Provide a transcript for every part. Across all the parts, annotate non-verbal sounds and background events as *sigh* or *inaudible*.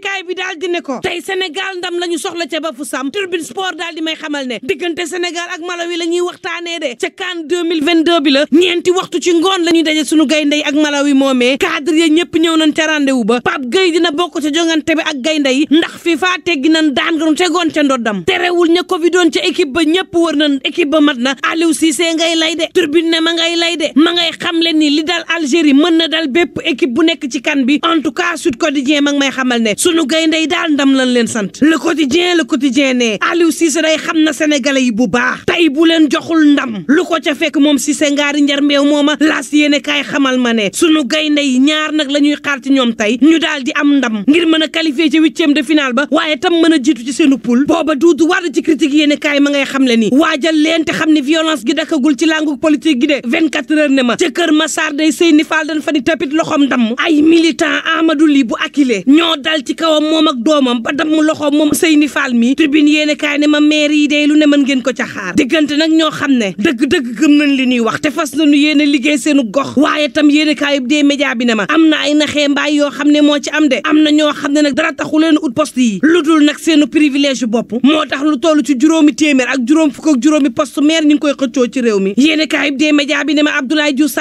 kaay bi daal di ne ko tey Sénégal ndam la ñu soxla ca ba fu sam Tribune Sport daal may xamal ne diggante Sénégal ak Malawi la ñuy waxtaanee de ca CAN 2022 bi la ñeenti waxtu ci ngoon la ñuy daje suñu gayndey ak Malawi moomee cadre ya ñëpp ñëw nañ ca rendez-vous ba Pape Gueye dina bokk ca jongante bi ak gaynde yi ndax FIFA teggi nañ daan nga nu tegoon ca ndoddam terewul ña Covid doon ca équipe ba ñëpp wër nañ équipe ba mat na Aliou Cissé ngay lay de Tribune ne ma ngay lay de ma ngay xamle ni li dal Algérie mën na dal bépp équipe bu nekk ci kan bi en tout cas Sud Quotidien ma ngi may xamal ne sunu gayndey daal ndam lañ leen sant le quotidien le quotidien ne Aliou Cissé day xam na sénégalais yi bu baax tey bu leen joxul ndam lu ko ca fekk moom Cissé ngaari njar mbeew mooma laas yéene xamal ma ne sunu gaynde yi ñaar nag la ñuy xaar ci ñoom tey ñu daal di am ndam ngir mën a qualifier ci huitième de finale ba waaye tam mën a jiitu ci seenu poule booba duudu war ci critique yéene kaay ma ngay xam ni waajal leen te xam ni violence gi dakagul ci langu politique gi de 24 heures ne ma ca kër Massar kawam moom ak doomam ba damm loxoom moom Seyni Fall mi tribune yéene kaay ne ma maire yi day lu ne mën ngeen ko ca xaar diggante nag ñoo xam ne dëgg-dëgg gëm nañ li ñuy wax te fas nañu yéene liggéey seenu gox waaye tam yéene kaay dee média bi ne ma am na ay naxee mbaay yoo xam ne moo ci am de am na ñoo xam ne nag dara taxu leen ut poste yi lu dul nag seenu privilège bopp moo tax lu toll ci juróomi téeméer ak juróom fukk ak juróomi poste maire ñu koy xëccoo ma Abdoulaye Diouf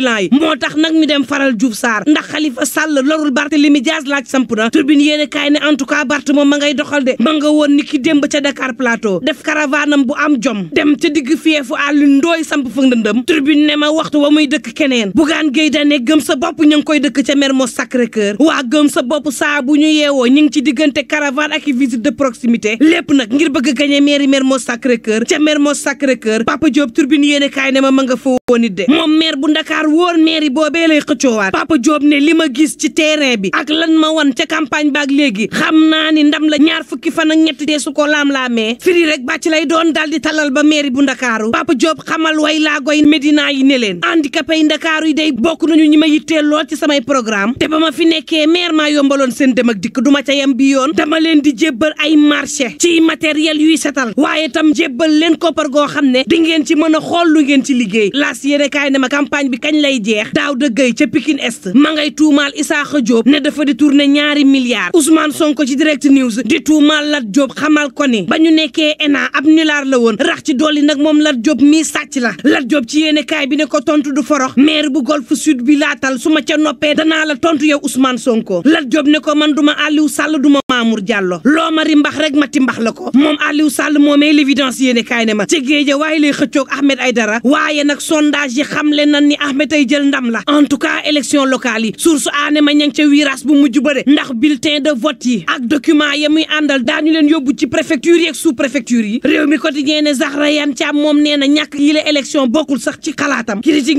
bilan yi moo tax nag ñu dem faral Diouf Sarr ndax Khalifa Sall lorul Barthélémy Dias laaj samp na turbine yéen kaay ne en tout cas Barth moom ma ngay doxal de ma nga woon ni ki démb ca Dakar Plateau def caravanam bu am jom dem ca digg fieefu àllu ndooy samp fa ndëndëm turbine ne ma waxtu wa muy dëkk keneen bugaan géy dane gëm sa bopp ñu ngi koy dëkk ca Mermoz Sacré-Cœur waa gëm sa bopp saa bu ñu yeewoo ñu ngi ci diggante caravane ak visite de proximité lépp nag ngir bëgg gañe mairie Mermoz Sacré-Cœur ca Mermoz Sacré-Cœur Papa Diop turbine yéen kaay ne ma ma nga fa woon moom maire bu Ndakaaru wóor mairie boobee lay xëccoowaat Papa Diop ne li ma gis ci terrain bi ak lan ma wan ca campagne baak léegi xam naa ni ndam la ñaar fukki fan ak ñett dee su ko laam-laamee firi rek bàcc lay doon daal di talal ba mairie bu ndakaaru Papa Diop xamal way laagoy Médina yi ne leen handicapé yi ndakaaru yi day bokk nañu ñi ma yitteel lool ci samay programme te ba ma fi nekkee maire maa yombaloon seen dem ak dikk duma ma ca yem bi yoon dama leen di jébbal ay marché ci matériel yuy setal waaye tam jébbal leen koppar goo xam ne di ngeen ci mën a xool lu ngeen ci liggéey laas yéene kaay ne ma campagne bi dañ lay jeex daaw dëggay ca Pikine Est ma ngay tuumaal Isaaxa Diop ne dafa di tourner ñaari milliards Ousmane Sonko ci direct news di tuumaal Lat Diop xamal ko ne ba ñu nekkee ENA ab nulaar la woon rax ci dolli nag moom Lat Diop mii sàcc la Lat Diop ci yéene kaay bi ne ko tontu du forox maire bu Golf Sud bi laatal su ma ca noppee danaa la tontu yow Ousmane Sonko Lat Diop ne ko man duma Aliou Sall duma loo mari mbax rek mati mbax la ko moom Aliou Sall moomee l'évidence yéene kaay ne ma ci géeja waaye lay xëccoog Ahmed Aïdara waaye nag sondage yi xam le nan ni Ahmed ay jël ndam la en tout cas élection locale yi source aane ma ña ca virage bu mujj bëre ndax bulletin de vote yi ak document ya muy àndal daañu leen yóbbu ci préfecture yi ak sous préfecture yi réew mi quotidien ne Zahra Iyane Thiam moom nee na yi la élection bokkul sax ci xalaatam critique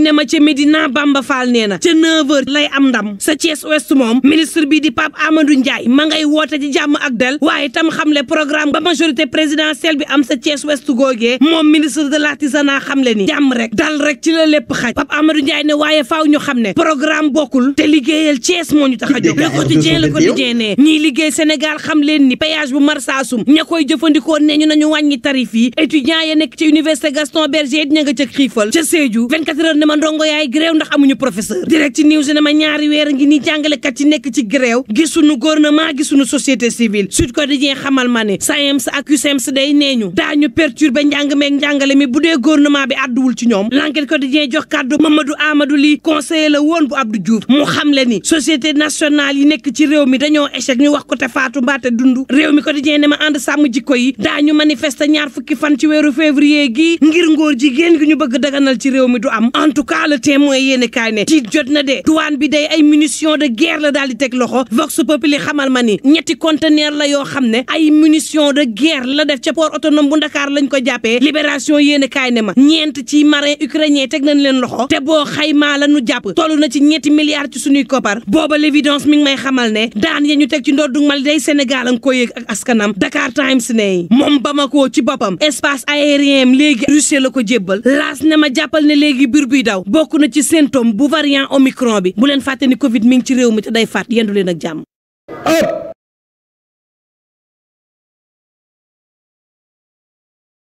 jàmm ak dal waaye tam xamle programme ba majorité présidentielle bi am sa Thiès Ouest googee moom ministre de l'artisanat xamle ni jàmm rek dal rek ci la lépp xaj Pape Amadou Ndiaye ne waaye faaw ñu xam ne programme bokkul te liggéeyal Thiès moo ñu tax a jóg *laughs* le quotidien le ne ñiy liggéey Sénégal xam leen ni péage bu Marsassoum ña koy jëfandikoo ne ñu nañu wàññi tarif yi étudiants ya nekk ci université Gaston Berger it ña nga ca xiifal ca Sédhiou 24 heures ne ma ndongo yaay gréew ndax amuñu professeur direct ci news ne ma ñaari weer ngi ni jàngalekat yi nekk ci gréew gisuñu société civile Sud Quotidien xamal ma ne SAEMS ak USEMS day nee ñu daañu perturber njàng meeg njàngale mi bu dee gouvernement bi àdduwul ci ñoom L'Enquête Quotidien jox kàddu Mamadou Amadou Ly conseiller la woon bu Abdou Diouf mu xam le ni société nationale yi nekk ci réew mi dañoo échec ñu wax ko te faatu mbaate dund réew mi Quotidien ne ma ànd sàmm jikko yi daañu manifester ñaar fukki fan ci weeru février gi ngir ngóor jigéen gi ñu bëgg daganal ci réew mi du am en tout cas le témoin yéene kaay ne tiit jot na de bi day ay munitions de guerre la daal di teg loxo conteneur la yoo xam ne ay munition de guerre la def ca port autonome bu Dakar lañ ko jàppee libération yéen kaay ne ma ñeent ci marin ukrainien teg nañ leen loxo te boo xaymaa la ñu jàpp toll na ci ñetti milliards ci suñuy koppar booba l'évidence mi ngi may xamal ne daan ya ñu teg ci ndoddu Mali day Sénégal a nga ko yëg ak askanam Dakar Times ne moom Bamako ci boppam espace aérien am léegi Russie la ko jébbal laas ne ma jàppal ne léegi biir buy daw bokk na ci symptôme bu variant omicron bi bu leen fàtte ni mi ngi ci réew mi te day faat yendu leen ak jàmm.